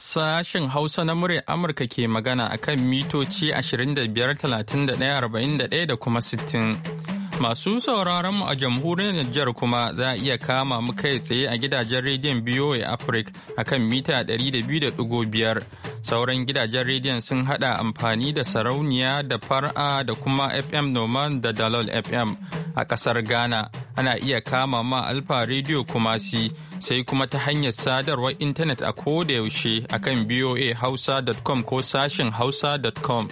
Sashen Hausa na murya Amurka ke magana akan mitoci 25, 31, 41 da kuma 60. Masu sauraron mu a jamhuriyar Nijar kuma za a iya kama mu kai tsaye a gidajen rediyon BOA Africa a kan mita 200.5. Sauran gidajen rediyon sun hada amfani da sarauniya da far'a da kuma FM Noman da Dalol FM a kasar Ghana. Ana iya kama ma Alfa Radio Kumasi sai kuma ta hanyar sadarwar intanet a koda yaushe a kan boahausa.com ko sashin hausa.com.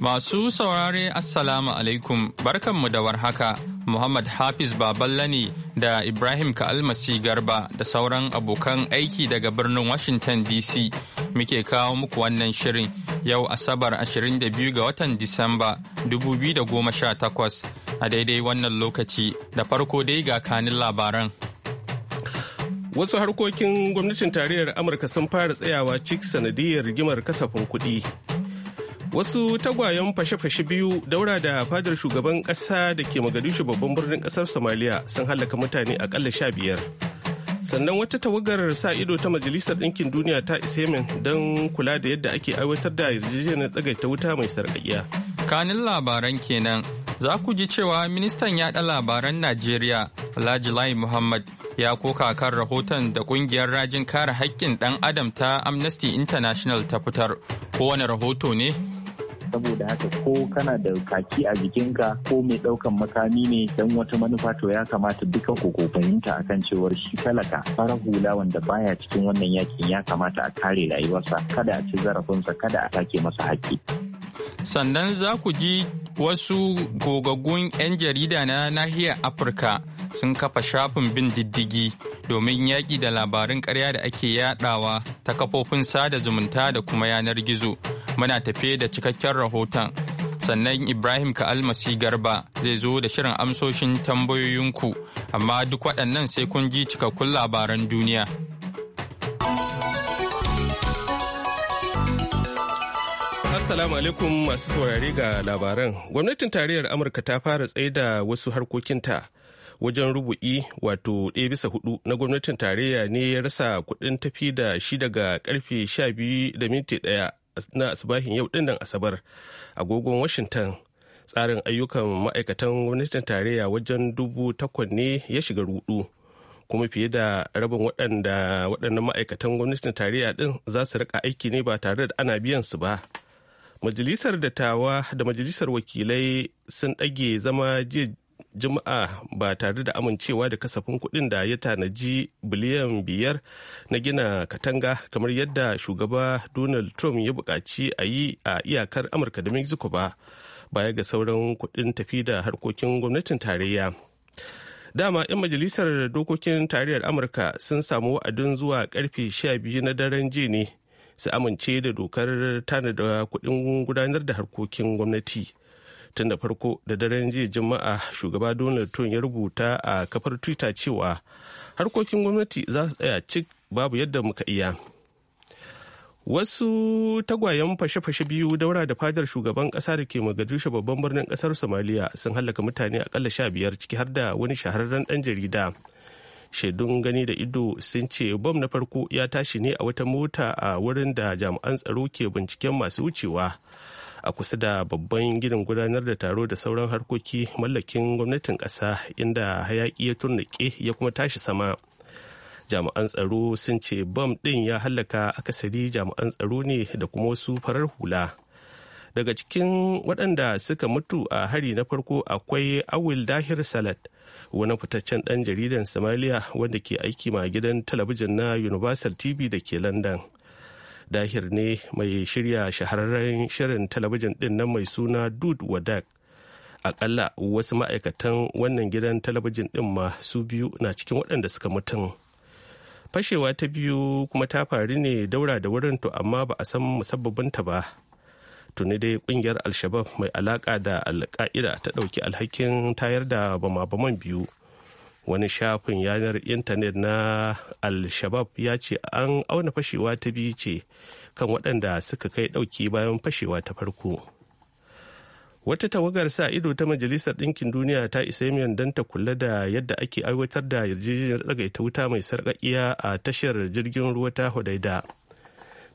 Masu saurare Assalamu alaikum mu da warhaka. Muhammad Hafiz Baballa ne da Ibrahim Ka'almasi Garba da sauran abokan aiki daga birnin Washington DC muke kawo muku wannan shirin yau Asabar 22 ga watan Disamba 2018 a daidai wannan lokaci da farko dai ga kanin labaran. Wasu harkokin gwamnatin tarayyar Amurka sun fara tsayawa cik sanadiyar rigimar kasafin kuɗi. wasu tagwayen fashe-fashe biyu daura da fadar shugaban ƙasa da ke magadishu babban birnin ƙasar Somalia sun hallaka mutane akalla sha biyar sannan wata tawagar sa ido ta majalisar ɗinkin duniya ta isa min don kula da yadda ake aiwatar da yarjejeniyar tsagaita wuta mai sarƙaƙiya kanin labaran kenan za ku ji cewa ministan yaɗa labaran najeriya alhaji lai muhammad ya koka kan rahoton da kungiyar rajin kare hakkin ɗan adam ta amnesty international ta fitar kowane rahoto ne saboda haka ko kana da kaki a jikinka ko mai daukan makami ne don wata manufa to ya kamata duka ku ko fahimta akan cewar shi talaka fara hula wanda baya cikin wannan yakin ya kamata a kare rayuwarsa kada a ci zarafinsa kada a take masa haƙƙi. sannan za ku ji wasu gogaggun 'yan jarida na nahiyar afirka sun kafa shafin bin diddigi domin yaƙi da labarin ƙarya da ake yaɗawa ta kafofin sada zumunta da kuma yanar gizo muna tafe da cikakken rahoton sannan ibrahim ka'almasi garba zai zo da shirin amsoshin tambayoyinku amma duk waɗannan sai kun ji cikakkun labaran duniya Assalamu alaikum masu saurare ga labaran. Gwamnatin tarayyar Amurka ta fara tsaida wasu harkokinta wajen rubu'i wato ɗaya bisa hudu na gwamnatin tarayya ne ya rasa kuɗin tafi da shi daga karfe biyu da minti ɗaya na asibahin yau ɗinnan asabar agogon washington tsarin ayyukan ma'aikatan gwamnatin tarayya wajen dubu takwas ne ya shiga rudu kuma fiye da rabin waɗanda waɗannan ma'aikatan gwamnatin tarayya ɗin za su rika aiki ne ba tare da ana biyan su ba majalisar dattawa da majalisar wakilai sun ɗage zama jiya juma'a ba tare da amincewa da kasafin kuɗin da ya tanaji biliyan biyar na gina katanga kamar yadda shugaba donald trump ya buƙaci a yi a iyakar amurka da mexico ba baya ga sauran kuɗin tafi da harkokin gwamnatin tarayya dama 'yan majalisar dokokin tarayyar amurka sun samu wa'adin zuwa karfe 12 na daren jiya ne su amince da dokar tanada kuɗin gudanar da harkokin gwamnati. tun da farko da daren jiya juma'a shugaba donald trump ya rubuta a kafar twitter cewa harkokin gwamnati za su tsaya cik babu yadda muka iya wasu tagwayen fashe-fashe biyu daura da fadar shugaban kasa da ke magajushe babban birnin kasar somalia sun hallaka mutane akalla sha biyar ciki har da wani shahararren dan jarida shaidun gani da ido sun ce bom na farko ya tashi ne a wata mota a wurin da jami'an tsaro ke binciken masu wucewa a kusa da babban gidan gudanar da taro da sauran harkoki mallakin gwamnatin ƙasa inda hayaƙi ya turnuƙe ya kuma tashi sama jami'an tsaro sun ce bam ɗin ya hallaka akasari jami'an tsaro ne da kuma wasu farar hula daga cikin waɗanda suka mutu a hari na farko akwai awil dahir salad wani fitaccen ɗan jaridan somalia wanda ke aiki ma gidan talabijin na universal tv da ke london dahir ne mai shirya shahararren shirin talabijin din nan mai suna dude wadak akalla wasu ma'aikatan wannan gidan talabijin din ma su biyu na cikin waɗanda suka mutum fashewa ta biyu kuma ta faru ne daura da wurin to amma ba a san musabbabinta ba tuni dai kungiyar alshabab mai alaka da alka'ida ta ɗauki alhakin tayar da bama-baman biyu wani shafin yanar intanet na al-shabab ya ce an auna fashewa ta biyu ce kan waɗanda suka kai ɗauki bayan fashewa ta farko wata tawagar sa ido ta majalisar ɗinkin duniya ta isa miyan don ta kula da yadda ake aiwatar da yarjejeniyar tsagaita wuta mai sarƙaƙiya a tashar jirgin ruwa ta hudaida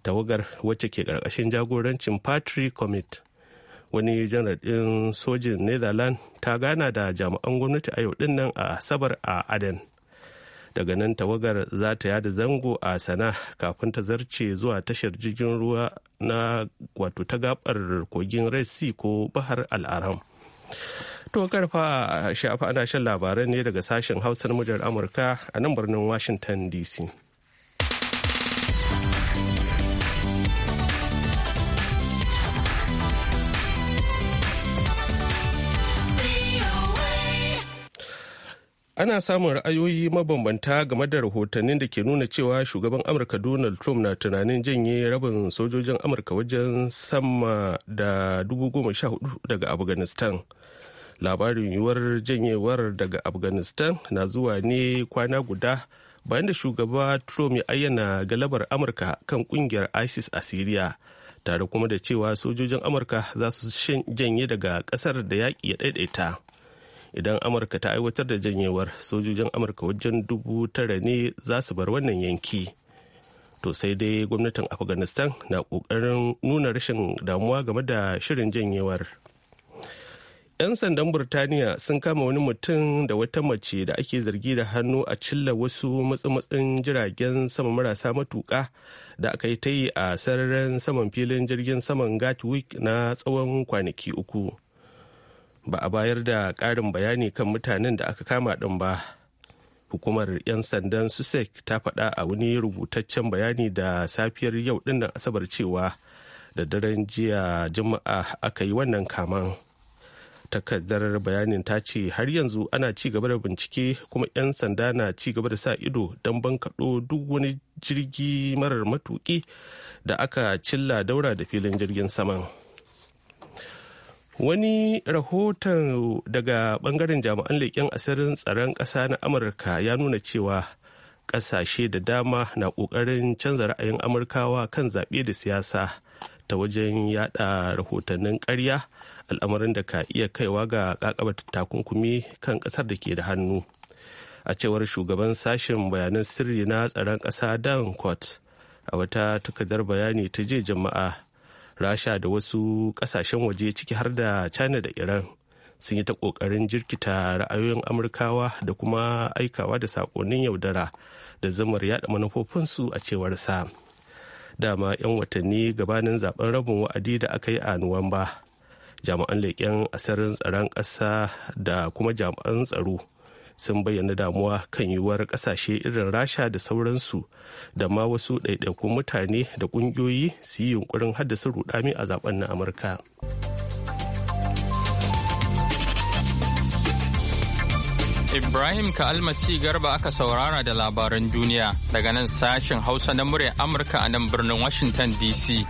tawagar wacce ke ƙarƙashin jagorancin patrick commit wani janar ɗin sojin netherlands ta gana da jami'an gwamnati a yau dinnan a asabar a aden daga nan tawagar za ta yada zango a sana kafin ta zarce zuwa tashar jirgin ruwa na wato ta gabar kogin red sea ko bahar al'aram to karfa shafa ana shan labaran ne daga sashen hausar mujar amurka a nan birnin washington dc ana samun ra'ayoyi mabambanta game da rahotannin da ke nuna cewa shugaban amurka donald trump na tunanin janye rabin sojojin amurka wajen sama da 14,000 daga afghanistan labarin yiwuwar janyewar daga afghanistan na zuwa ne kwana guda bayan da shugaba trump ya ayyana galabar amurka kan kungiyar isis a syria tare kuma da cewa sojojin amurka za su janye daga kasar da yaƙi ya ɗaiɗaita. idan amurka ta aiwatar da janyewar sojojin amurka wajen dubu tara ne za su bar wannan yanki to sai dai gwamnatin afghanistan na kokarin nuna rashin damuwa game da shirin janyewar 'yan sandan burtaniya sun kama wani mutum da wata mace da ake zargi da hannu a cilla wasu matsamatsin jiragen sama marasa matuka da aka yi ta yi a sararin saman filin jirgin saman gatwick na tsawon kwanaki uku ba a bayar da ƙarin bayani kan mutanen da aka kama ɗin ba hukumar 'yan sandan sussex ta faɗa a wani rubutaccen bayani da safiyar yau ɗinnan asabar cewa da daren jiya juma'a aka yi wannan kaman takardar bayanin ta ce har yanzu ana ci gaba da bincike kuma 'yan sanda na ci gaba da sa ido don ban kaɗo duk wani jirgi marar matuƙi da aka cilla daura da filin jirgin saman. Wani rahoton daga bangaren jami'an leƙen asirin tsaron ƙasa na Amurka ya nuna cewa ƙasashe da dama na ƙoƙarin canza ra'ayin Amurkawa kan zaɓe da siyasa ta wajen yada rahotannin ƙarya al'amarin da ka iya kaiwa ga ƙaƙabar takunkumi kan ƙasar da ke da hannu. A cewar shugaban sashen bayanan sirri na tsaron ƙasa Dan Court a wata takardar bayani ta je jama'a rasha da wasu kasashen waje ciki har da china da iran sun yi ta kokarin jirkita ra'ayoyin amurkawa da kuma aikawa da saƙonin yaudara da zamar yada manufofinsu a cewar sa dama 'yan watanni gabanin zaben rabin wa'adi da aka yi a nuwamba jami'an leƙen asirin tsaron ƙasa da kuma jami'an tsaro sun bayyana damuwa kan yiwuwar kasashe irin rasha da sauransu da ma wasu ɗaiɗaikun mutane da ƙungiyoyi su yi yunkurin haddasa rudami a zaben na amurka ibrahim almasi garba aka saurara da labaran duniya daga nan sashen hausa na murya amurka a nan birnin washington dc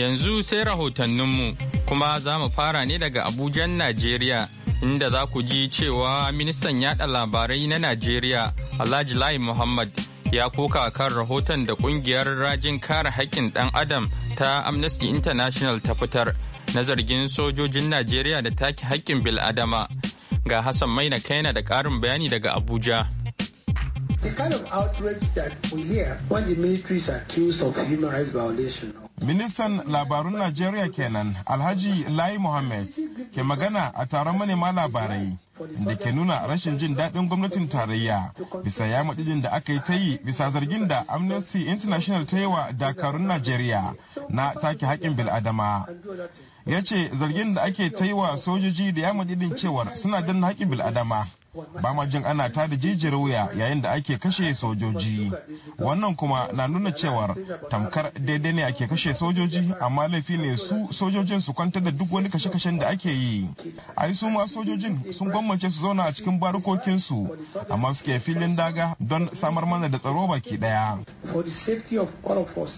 Yanzu sai rahotanninmu kuma za mu fara ne daga Abujan Najeriya inda za ku ji cewa ministan yada labarai na Najeriya Alhaji Lai Muhammad ya koka kan rahoton da kungiyar rajin kare haƙƙin ɗan adam ta Amnesty International ta fitar na zargin sojojin Najeriya da take haƙƙin bil'adama. Ga Hassan Maina Kaina da ƙarin bayani daga Abuja. The kind of outrage that we hear when the military is accused of human rights violation Ministan labarun Najeriya kenan Alhaji Lai Mohammed ke magana a taron manema labarai da ke nuna rashin jin daɗin gwamnatin tarayya bisa ya madidin da aka yi ta yi bisa zargin da Amnesty International ta yi wa dakarun Najeriya na take haƙƙin bil'adama. Ya ce zargin da ake ta yi wa sojoji da ya madidin cewar suna danna haƙƙin bil'adama. bamajin ma ana ta da jijiyar wuya yayin da ake kashe sojoji wannan kuma na nuna cewar tamkar daidai ne ake kashe sojoji amma laifi ne su sojojin su kwantar da duk wani kashe-kashen da ake yi ai su ma sojojin sun gwammace su zauna a cikin barukokinsu amma suke filin daga don samar mana da tsaro baki daya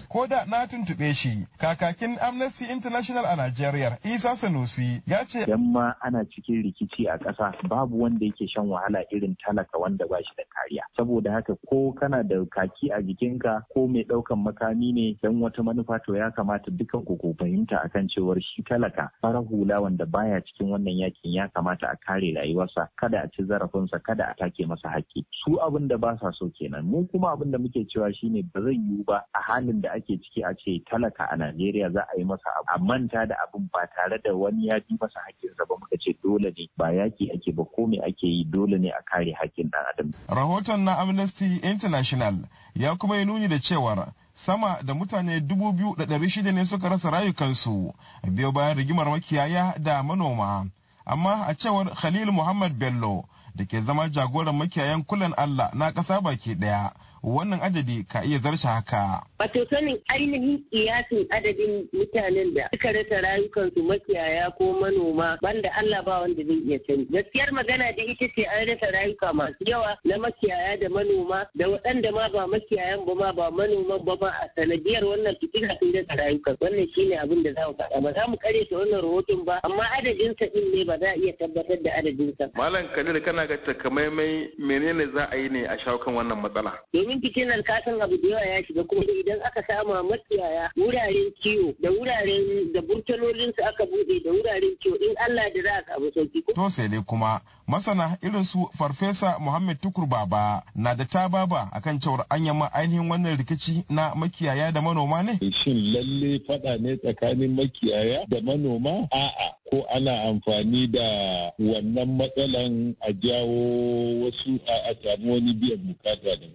ko da na tuntuɓe shi kakakin amnesty international a nigeria isa sanusi ya ce yamma ana cikin rikici a ƙasa babu wanda yake shan wahala irin talaka wanda ba shi da kariya saboda haka ko kana da kaki a jikinka ko mai ɗaukan makami ne dan wata manufa to ya kamata dukan ku ku fahimta akan cewar shi talaka farar hula wanda baya cikin wannan yakin ya kamata a kare rayuwarsa kada a ci zarafinsa kada a take masa haƙƙi su abin da ba sa so kenan mu kuma abin da muke cewa shine ba zai yiwu ba a halin da ake ciki a ce talaka a Najeriya za a yi masa abu a manta da abin ba tare da wani ya bi masa haƙƙinsa ba muka dole ne ba yaki ake ba ko me ake yi dole ne a kare hakkin ɗan adam. Rahoton na Amnesty International ya kuma yi nuni da cewar sama da mutane dubu biyu da ɗari shida ne suka rasa rayukansu biyo bayan rigimar makiyaya da manoma. Amma a cewar Khalil Muhammad Bello da ke zama jagoran makiyayan kulan Allah na ƙasa baki ɗaya. wannan adadi ka iya zarce haka. Wato sanin ainihin kiyasin adadin mutanen da suka rasa rayukansu makiyaya ko manoma banda Allah ba wanda zai iya sani. Gaskiyar magana da ita ce an rasa rayuka masu yawa na makiyaya da manoma da waɗanda ma ba makiyayan ba ma ba manoman ba ma a sanadiyar wannan fitina sun rasa rayuka. Wannan shine abin da za mu faɗa ba za mu kare ta wannan rahoton ba amma adadin sa din ne ba za a iya tabbatar da adadin sa. Malam Kadir kana ga takamaimai menene za a yi ne a shawo kan wannan matsala? domin fitinar kasan abu da yawa ya shiga kuma idan aka sama makiyaya wuraren kiwo da wuraren da burtalolin su aka bude da wuraren kiwo in Allah da za ka abu sauki. To sai dai kuma masana irin su farfesa Muhammad Tukur Baba na da ta baba akan cewar anya ma ainihin wannan rikici na makiyaya da manoma ne. Shin lalle fada ne tsakanin makiyaya da manoma? A'a ko ana amfani da wannan matsalan a jawo wasu a samu wani biyan bukata ne.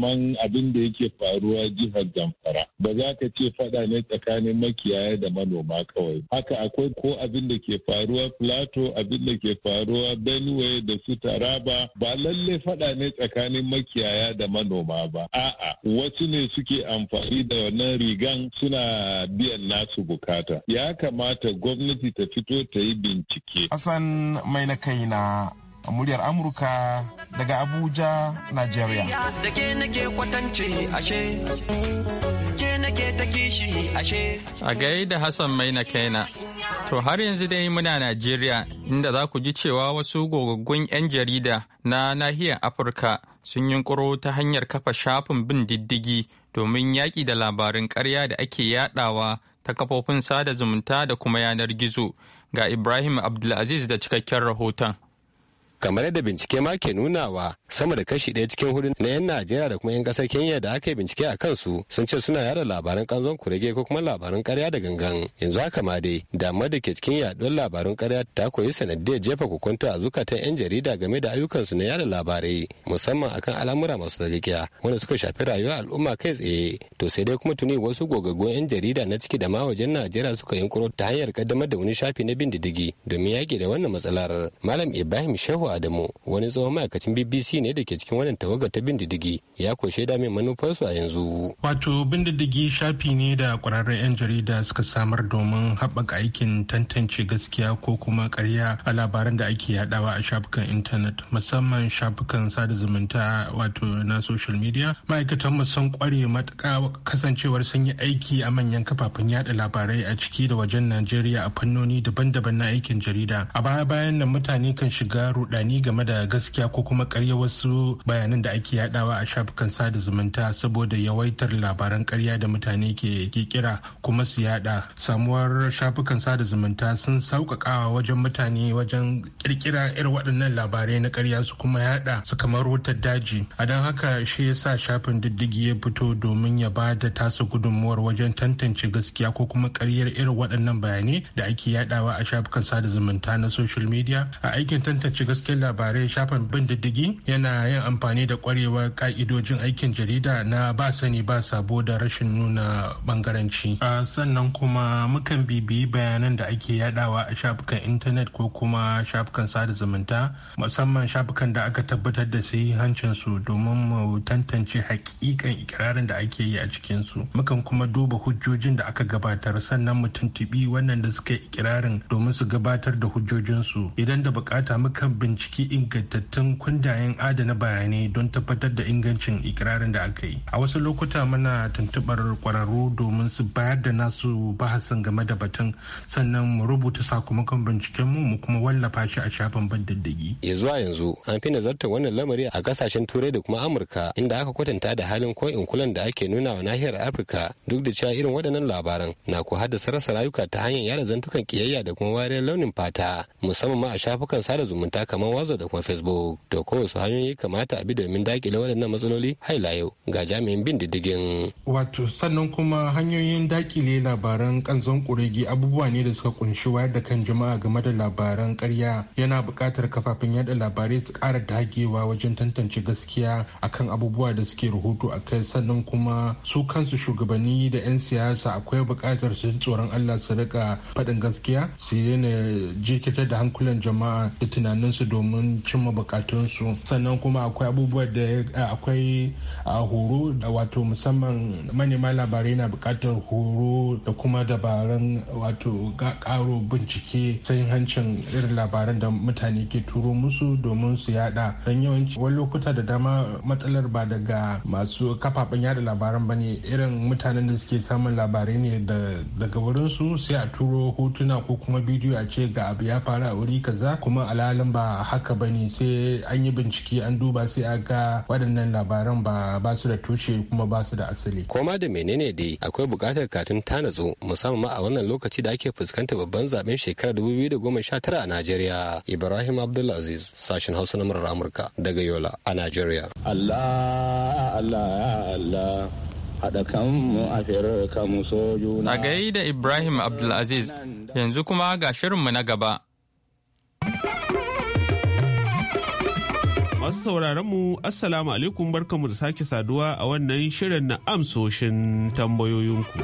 kaman abin da yake faruwa jihar Zamfara. Ba za ka ce fada ne tsakanin makiyaya da manoma kawai. Haka akwai ko abin da ke faruwa Plateau, abin da ke faruwa Benue da su Taraba ba lalle fada ne tsakanin makiyaya da manoma ba. A'a, wasu ne suke amfani da wannan rigan suna biyan nasu bukata. Ya kamata gwamnati ta fito ta yi bincike. Hassan mai na kaina a muryar amurka daga abuja nigeria a da hassan mai na kaina to har yanzu dai muna najeriya inda za ku ji cewa wasu gogaggun 'yan jarida na nahiyar afirka sun yunkuro ta hanyar kafa shafin bin diddigi domin yaƙi da labarin ƙarya da ake yaɗawa ta kafofin sada zumunta da kuma yanar gizo ga ibrahim abdulaziz da cikakken rahoton kamar yadda bincike ma ke nunawa sama da kashi ɗaya cikin hudu na 'yan najeriya da kuma 'yan kasar kenya da aka yi bincike a kansu sun ce suna yada labaran kanzon kurege ko kuma labaran karya da gangan yanzu haka ma dai damar da ke cikin yaduwar labarin karya ta koyi sanadiyar jefa hukunta a zukatan 'yan jarida game da ayyukansu na yada labarai musamman akan al'amura masu dagiya wanda suka shafi rayuwar al'umma kai tsaye to sai dai kuma tuni wasu gogaggun 'yan jarida na ciki da ma wajen najeriya suka yunkuro ta hanyar kaddamar da wani shafi na bin diddigi domin yaƙi da wannan matsalar malam ibrahim shehu Adamu wani tsohon ma'aikacin BBC ne da ke cikin wannan tawagar ta bindidigi ya ko shaida min manufarsu a yanzu. Wato bindidigi shafi ne da kwararren 'yan jarida suka samar domin haɓaka aikin tantance gaskiya ko kuma karya a labaran da ake yaɗawa a shafukan intanet musamman shafukan sada zumunta wato na social media. Ma'aikatan mu sun ƙware matuƙa kasancewar sun yi aiki a manyan kafafen yaɗa labarai a ciki da wajen Najeriya a fannoni daban-daban na aikin jarida. A baya-bayan nan mutane kan shiga ruɗa tunani game da gaskiya ko kuma karya wasu bayanan da ake yadawa a shafukan sada zumunta saboda yawaitar labaran karya da mutane ke kira kuma su yada samuwar shafukan sada zumunta sun sauƙaƙawa wajen mutane wajen kirkira irin waɗannan labarai na karya su kuma yada su kamar wutar daji a don haka shi ya sa shafin diddigi ya fito domin ya ba da tasa gudunmuwar wajen tantance gaskiya ko kuma karyar irin waɗannan bayanai da ake yadawa a shafukan sada zumunta na social media a aikin tantance gaskiya cikin labarai shafin bin diddigi yana yin amfani da kwarewar ka'idojin aikin jarida na ba sani ba sabo da rashin nuna bangaranci sannan kuma mukan bibiyi bayanan da ake yadawa a shafukan intanet ko kuma shafukan sada zumunta musamman shafukan da aka tabbatar da hancin su domin mu tantance hakikan ikirarin da ake yi a cikin su mukan kuma duba hujjojin da aka gabatar sannan mu tuntubi wannan da suka yi ikirarin domin su gabatar da hujjojin su idan da bukata mukan bincike binciki ingantattun kundayen adana bayanai don tabbatar da ingancin ikirarin da aka yi a wasu lokuta muna tuntubar kwararru domin su bayar da nasu bahasin game da batun sannan mu rubuta sakamakon binciken mu mu kuma wallafa shi a shafin bandaddagi ya zuwa yanzu an fi nazartar wannan lamari a kasashen turai da kuma amurka inda aka kwatanta da halin ko kulan da ake nuna wa nahiyar afirka duk da cewa irin waɗannan labaran na ku haddasa rasa rayuka ta hanyar yada zantukan kiyayya da kuma wariyar launin fata musamman ma a shafukan sada zumunta kamar kamar whatsapp da kuma facebook da kowace hanyoyi kamata a bi domin dakile waɗannan matsaloli haila yau ga jami'in bin diddigin wato sannan kuma hanyoyin dakile labaran kanzon kuregi abubuwa ne da suka kunshi wayar da kan jama'a game da labaran karya yana buƙatar kafafen yada labarai su ƙara dagewa wajen tantance gaskiya akan abubuwa da suke rahoto a kai sannan kuma su kansu shugabanni da 'yan siyasa akwai buƙatar su tsoron allah su rika faɗin gaskiya su daina jirkitar da hankulan jama'a da tunaninsu domin cimma bukatunsu sannan kuma akwai abubuwa da eh, akwai ah, horo da wato musamman manema labarai na bukatar horo da kuma dabarun wato karo bincike sai hancin irin labaran da mutane ke turo musu domin su yada don yawanci wani lokuta da dama matsalar ba daga masu kafafen yada labaran ba ne irin mutanen da suke samun labarai ne daga wurinsu sai a turo hotuna ko kuma bidiyo a ce ga abu ya faru a wuri kaza kuma alalin ba haka ba ne sai an yi bincike an duba sai a ga waɗannan labaran ba ba su da tushe kuma ba su da asali. Koma da menene dai akwai buƙatar katin tanazo musamman a wannan lokaci da ake fuskantar babban zaben shekarar 2019 a Najeriya. Ibrahim Abdulaziz sashen Hausa na murar Amurka daga Yola a Najeriya. Allah Allah Allah haɗa kanmu a kanmu sojuna. A gai da Ibrahim Abdulaziz yanzu kuma ga shirinmu na gaba. Masu sauraron mu Assalamu alaikum barkamu da sake saduwa a wannan shirin na amsoshin tambayoyinku.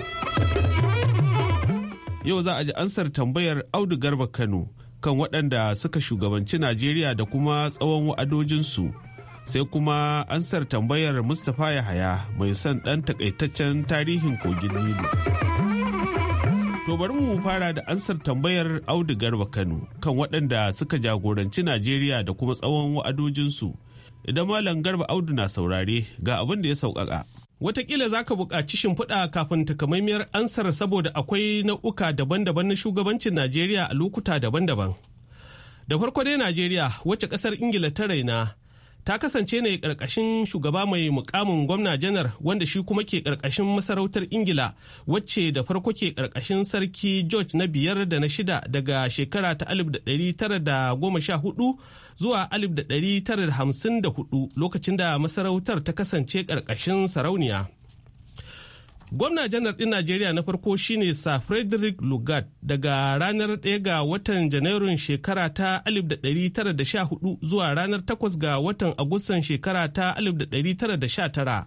Yau za a ji ansar tambayar Audu Garba Kano kan waɗanda suka shugabanci Najeriya da kuma tsawon wa'adojinsu. Sai kuma ansar tambayar Mustapha Yahaya mai son ɗan takaitaccen tarihin kogin Nilu. To bari mu fara da ansar tambayar Audu Garba Kano kan waɗanda suka jagoranci Najeriya da kuma tsawon wa'adojinsu. Idan Malam Garba Audu na saurare ga abin da ya sauƙaƙa. Wataƙila za ka buƙaci shimfiɗa kafin takamaimiyar ansar saboda akwai nau'uka daban-daban na shugabancin Najeriya a lokuta daban-daban. Da farko dai Najeriya wacce ƙasar Ingila ta raina ta kasance ne karkashin shugaba mai mukamin gwamna janar wanda shi kuma ke karkashin masarautar ingila wacce da farko ke karkashin sarki george na biyar da na shida daga shekara ta alif goma sha 1914 zuwa alif da hamsin 1954 lokacin da masarautar ta kasance karkashin sarauniya Gwamna janar ɗin Najeriya na farko shine Sir Frederick Lugard daga ranar 1 ga watan Janairun shekara ta 1914 zuwa ranar 8 ga watan Agustan shekara ta 1919.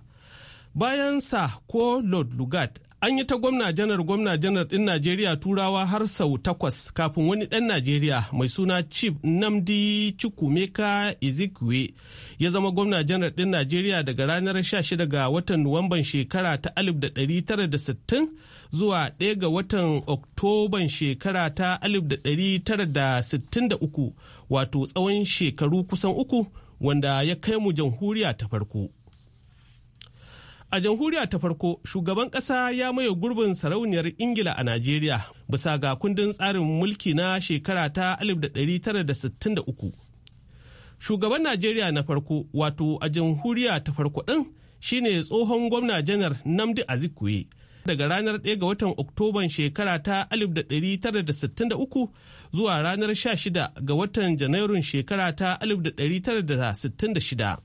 Bayan sa ko Lord Lugard an yi ta gwamna janar gwamna janar ɗin najeriya turawa har sau takwas kafin wani ɗan najeriya mai suna chief namdi chukwumeka ezekwe ya zama gwamna janar ɗin najeriya daga ranar 16 ga watan nuwamban shekara ta 1960 zuwa 1 ga watan oktoban shekara ta 1963 wato tsawon shekaru kusan uku wanda ya kai mu jamhuriya ta farko A jamhuriya ta farko, shugaban ƙasa ya maye gurbin sarauniyar Ingila a Najeriya bisa ga kundin tsarin mulki na shekara ta 1963. Shugaban Najeriya na farko, wato a jamhuriya ta farko ɗin shine tsohon gwamna janar Namdi Azikwe. daga ranar 1 ga watan Oktoban shekara ta 1963 zuwa ranar 16 ga watan Janairun shekara ta 1966.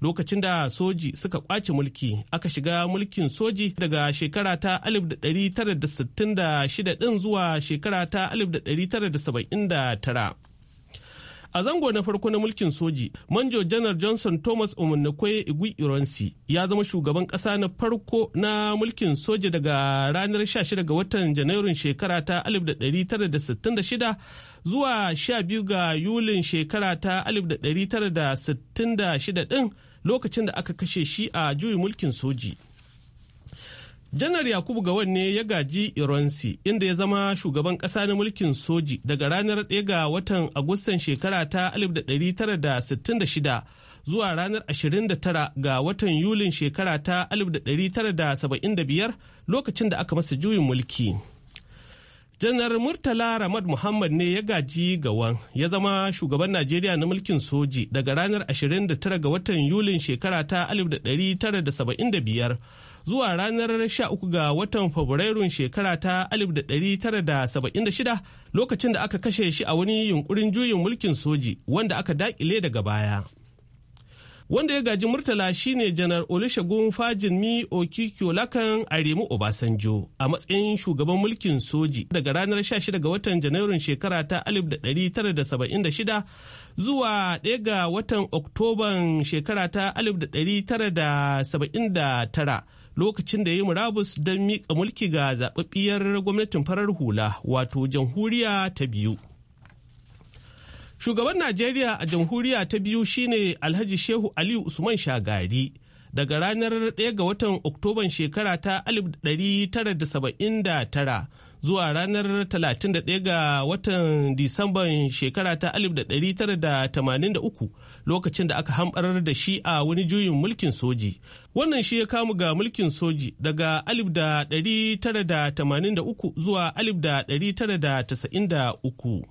lokacin da soji suka kwace mulki aka shiga mulkin soji daga shekara ta 1966 din zuwa shekara ta 1979 a zango na farko na mulkin soji manjo janar johnson thomas umarnikwe Igwe ironsi ya zama shugaban kasa na farko na mulkin soji daga ranar 16 ga watan janairun shekara ta 1966 zuwa 12 ga yulin shekara ta 1966 din lokacin da aka kashe shi a juyin mulkin soji janar yakubu gawan ne ya gaji ironsi inda ya zama shugaban ƙasa na mulkin soji daga ranar 1 ga watan agustan shekara ta 1966 zuwa ranar 29 ga watan yulin shekara ta 1975 lokacin da aka masa juyin mulki. janar murtala ramad muhammad ne ya gaji gawan ya zama shugaban najeriya na mulkin soji daga ranar 29 ga watan yulin shekara ta 1975 zuwa ranar 13 ga watan fabrairun shekara ta 1976 lokacin da aka kashe shi a wani yunkurin juyin mulkin soji wanda aka daƙile daga baya wanda ya gaji murtala shine janar olusegun fajinmi lakan aremu obasanjo a matsayin shugaban mulkin soji daga ranar 16 ga watan janairun shekara ta 1976 zuwa 1 ga watan oktoban shekara ta 1979 lokacin da ya yi murabus don miƙa mulki ga zaɓaɓɓiyar gwamnatin farar hula wato jamhuriya ta biyu Shugaban Najeriya a jamhuriya ta biyu shine Alhaji Shehu Aliyu Usman Shagari daga ranar 1 ga watan Oktoban shekara ta 1979 zuwa ranar 31 ga watan Disamban shekara ta 1983 lokacin da aka hambarar da shi a wani juyin mulkin soji. Wannan shi ya kamu ga mulkin soji daga 1983 zuwa 1993.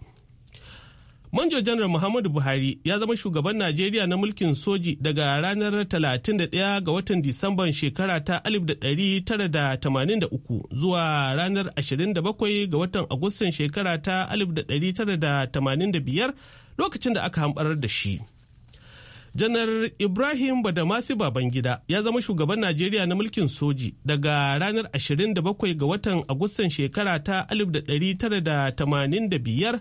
Manjo Janar Muhammadu Buhari ya zama shugaban Najeriya na mulkin soji daga ranar 31 ga watan Disamban shekara ta 1983 zuwa ranar 27 ga watan Agustan shekara ta 1985 lokacin da aka hambarar da shi. Janar Ibrahim Badamasi Babangida ya zama shugaban Najeriya na mulkin soji daga ranar 27 ga watan Agustan shekara ta 1985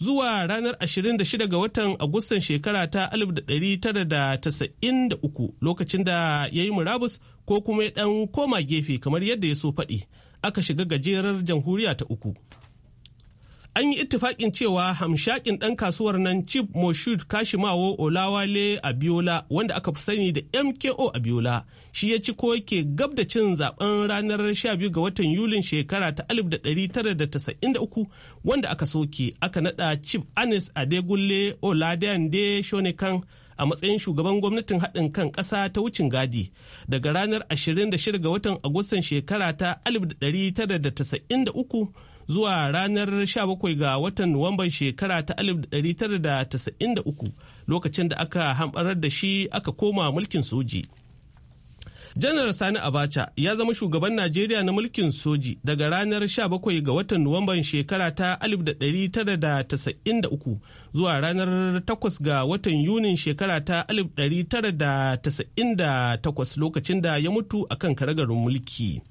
zuwa ranar 26 ga watan Agustan shekara ta 1993 lokacin da ya yi murabus ko kuma ya ɗan koma gefe kamar yadda ya so faɗi aka shiga gajerar jamhuriya ta uku. an yi ittifakin cewa hamshakin ɗan kasuwar nan chief moshood kashimawo olawale abiola wanda aka fi sani da mko abiola shi ya ci ko ke gab da cin zaben ranar 12 ga watan yulin shekara ta 1993 wanda aka soke aka nada chief anis adegulle oladeande shonekan a matsayin shugaban gwamnatin haɗin kan ƙasa ta wucin gadi daga ranar 26 ga watan agustan shekara ta 1993 zuwa ranar 17 ga watan Nuwamban shekara ta 1993 lokacin da aka hambarar da shi aka koma mulkin soji. janar sani abacha ya zama shugaban najeriya na mulkin soji daga ranar 17 ga watan nuwamban shekara ta 1993 zuwa ranar 8 ga watan yunin shekara ta 1998 lokacin da ya mutu akan karagarin mulki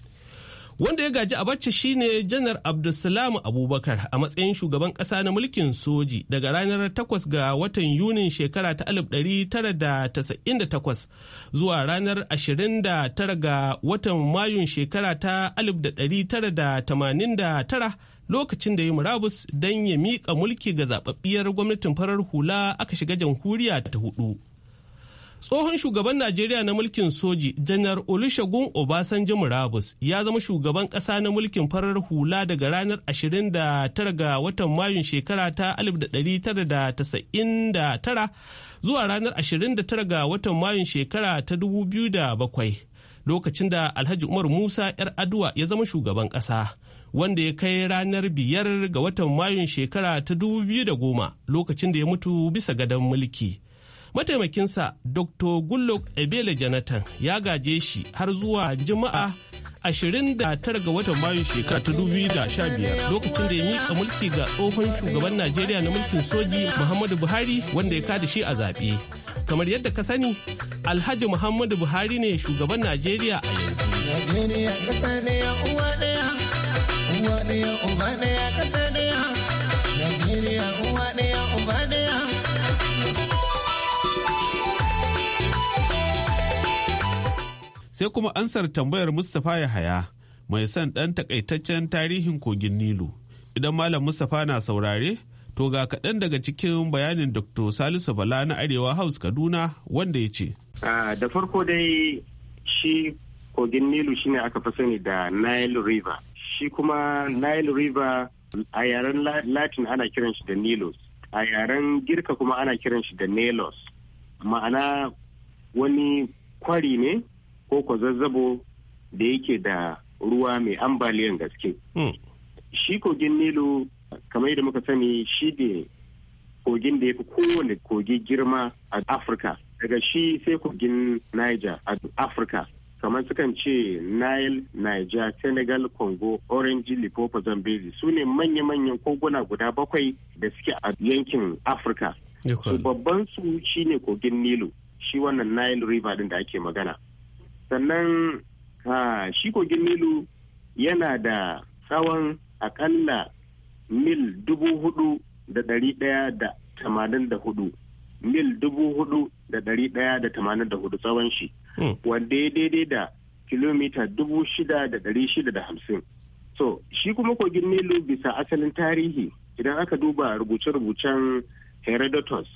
wanda ya gaji a bacci shine janar abdulsalam abubakar a matsayin shugaban kasa na mulkin soji daga ranar 8 ga watan yunin shekara ta 1998 zuwa ranar 29 ga watan mayun shekara ta 1989 lokacin da ya murabus don ya miƙa mulki ga zababbiyar gwamnatin farar hula aka shiga jamhuriya ta hudu Tsohon shugaban Najeriya na mulkin soji, Janar Olusegun Obasanjo Murabus ya zama shugaban ƙasa na mulkin farar hula daga ranar 29 ga watan Mayun shekara ta 1999 zuwa ranar 29 ga watan Mayun shekara ta 2007 lokacin da Alhaji Umar Musa 'yar Aduwa ya zama shugaban ƙasa. wanda ya kai ranar biyar ga watan mayun shekara ta 2010 lokacin da ya mutu bisa gadon mulki mataimakinsa dr goodluck ebele jonathan ya gaje shi har zuwa juma'a 29 ga watan mayu shekara ta 2015 lokacin da ya miƙa mulki ga tsohon shugaban najeriya na mulkin soji muhammadu buhari wanda ya kada shi a zaɓe kamar yadda ka sani alhaji muhammadu buhari ne shugaban najeriya a yanzu sai kuma ansar tambayar mustapha yahaya mai son ɗan takaitaccen tarihin kogin nilu idan malam mustapha na saurare to ga kaɗan daga cikin bayanin dr salisu bala na arewa house kaduna wanda ya ce da farko dai shi kogin nilu ne aka fi sani da nile river shi kuma nile river a yaren latin ana kiran shi da nilus a yaren girka kuma ana kiran shi da nelos ma'ana wani kwari ne ko kwazazzabo da yake da ruwa mai ambaliyan gaske. Hmm. Shi kogin Nilo kamar yadda muka sani shi ne kogin da ya fi kowane kogi girma a Afirka. Daga shi sai kogin Niger a Afirka. kamar sukan ce Nile, Niger, Senegal, Congo, Orange, Lipopo, Zambezi su ne manya-manyan koguna guda bakwai da suke a yankin Afirka. Babban su shine kogin Nilo, shi wannan Nile River din da ake magana. sannan shi kogin nilu yana da tsawon akalla mil dubu hudu da dari daya da tamanin da hudu mil dubu hudu da dari daya da tamanin da hudu tsawon shi hmm. wanda ya daidai da kilomita dubu shida da dari shida da hamsin so shi kuma kogin nilu bisa asalin tarihi idan aka duba rubuce-rubucen herodotus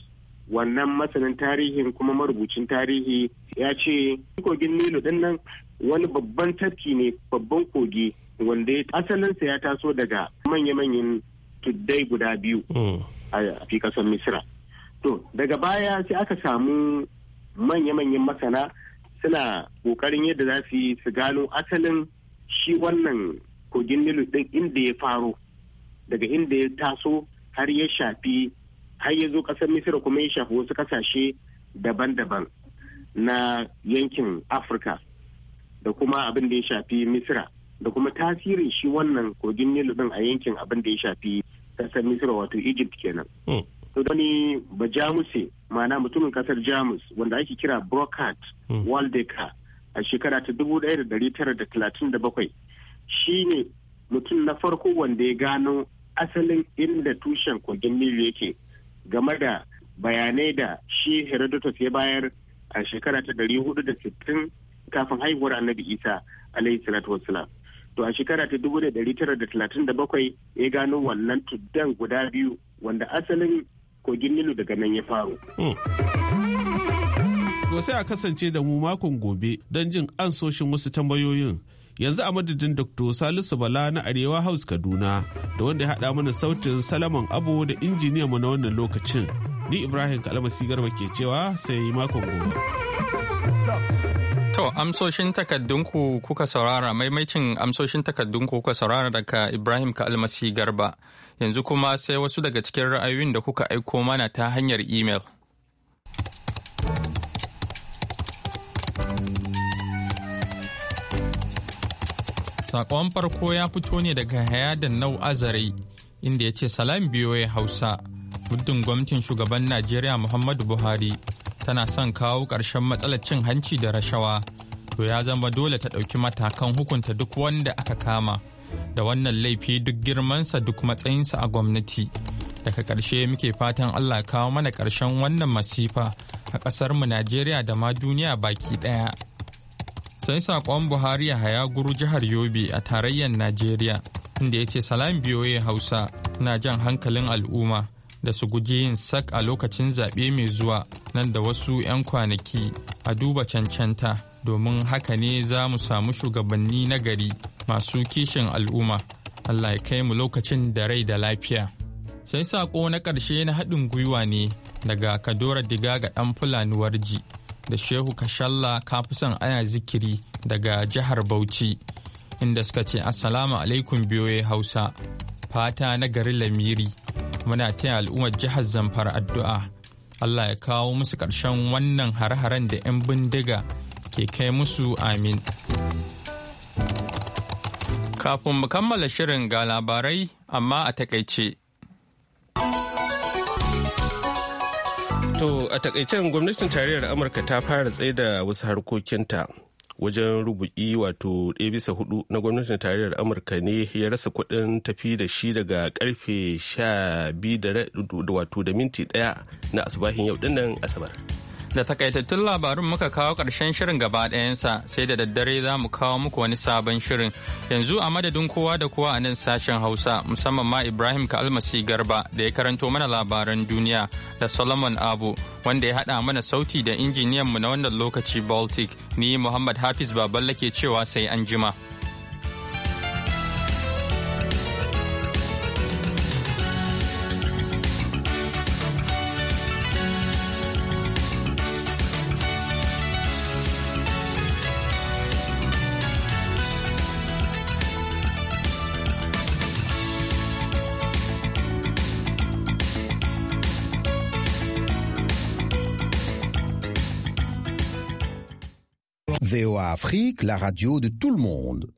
wannan masanin tarihin kuma marubucin tarihi ya ce kogin nilo din nan wani babban tafki ne babban kogi wanda asalinsa ya taso daga manya-manyan tuddai guda biyu hmm. a fi kasar misira to daga baya sai aka samu manya-manyan masana suna kokarin yadda za su yi gano asalin shi wannan kogin nilo din inda ya faro daga inda ya taso har ya shafi har ya zo kasar misira kuma ya shafi wasu kasashe daban-daban na yankin afirka da kuma abin da ya shafi misira da kuma tasirin shi wannan kogin nilu din a yankin abin da ya shafi kasar misira wato egypt kenan hmm. to wani bajamuse ma'ana mutumin kasar jamus wanda ake kira brokat hmm. waldeka a shekara ta 1937 shi ne mutum na farko wanda ya gano asalin inda tushen kogin nilu yake game da bayanai da shi herodotus ya bayar a shekara ta dari hudu da sittin kafin haihuwar annabi isa alaihi salatu wassalam to a shekara ta dubu da dari tara da talatin da bakwai ya gano wannan tuddan guda biyu wanda asalin kogin nilu daga nan ya faru. Hmm. To sai a kasance da mu makon gobe don jin ansoshin wasu tambayoyin yanzu a madadin dr salisu bala na arewa house kaduna da wanda ya haɗa mana sautin salaman abu da injiniya mu na wannan lokacin ni ibrahim kalamasi garba ke cewa sai makon gobe to amsoshin takaddunku kuka saurara maimaicin amsoshin takaddunku kuka saurara daga ibrahim ka almasi garba yanzu kuma sai wasu daga cikin ra'ayoyin da kuka aiko mana ta hanyar imel. Sakon farko ya fito ne daga Hayadan Nau Azare inda ya ce salam ya Hausa. Muddin gwamnatin shugaban Najeriya Muhammadu Buhari tana son kawo ƙarshen matsalar cin hanci da rashawa. To ya zama dole ta ɗauki matakan hukunta duk wanda aka kama. Da wannan laifi duk girmansa duk matsayinsa a gwamnati. Daga ƙarshe muke fatan Allah kawo mana ƙarshen wannan masifa a ƙasarmu Najeriya da ma duniya baki ɗaya. sai saƙon buhari ya haya jihar yobe a tarayyar najeriya inda ya ce salam biyoye hausa na jan hankalin al'umma da su guji yin sak a lokacin zaɓe mai zuwa nan da wasu 'yan kwanaki a duba cancanta domin haka ne za mu samu shugabanni na gari masu kishin al'umma allah ya kai mu lokacin da rai da lafiya sai saƙo na ƙarshe na haɗin gwiwa ne daga kadora diga ga ɗan fulani warji da shehu kashalla son aya zikiri daga jihar bauchi inda suka ce assalamu alaikum biyoye hausa fata na gari lamiri muna taya al'ummar jihar zamfara addu'a allah ya kawo musu ƙarshen wannan har haren da 'yan bindiga ke kai musu amin kafin mu kammala shirin ga labarai amma a takaice To a takaicen gwamnatin tarayyar Amurka ta fara da wasu harkokinta wajen rubuki wato ɗaya bisa hudu na gwamnatin tarayyar Amurka ne ya rasa kuɗin tafi da shi daga karfe sha biyu da wato da minti ɗaya na asubahin yau dinnan asabar. Da takaitattun labarun muka kawo karshen shirin gaba ɗayansa sai da daddare za mu kawo muku wani sabon shirin. Yanzu a madadin kowa da kowa a nan sashen Hausa musamman ma Ibrahim ka almasi Garba da ya karanto mana labaran duniya da Solomon Abu wanda ya haɗa mana sauti da injiniyan mu na wannan lokaci Baltic ni Muhammad Hafiz Baballa ke cewa sai an jima. la radio de tout le monde.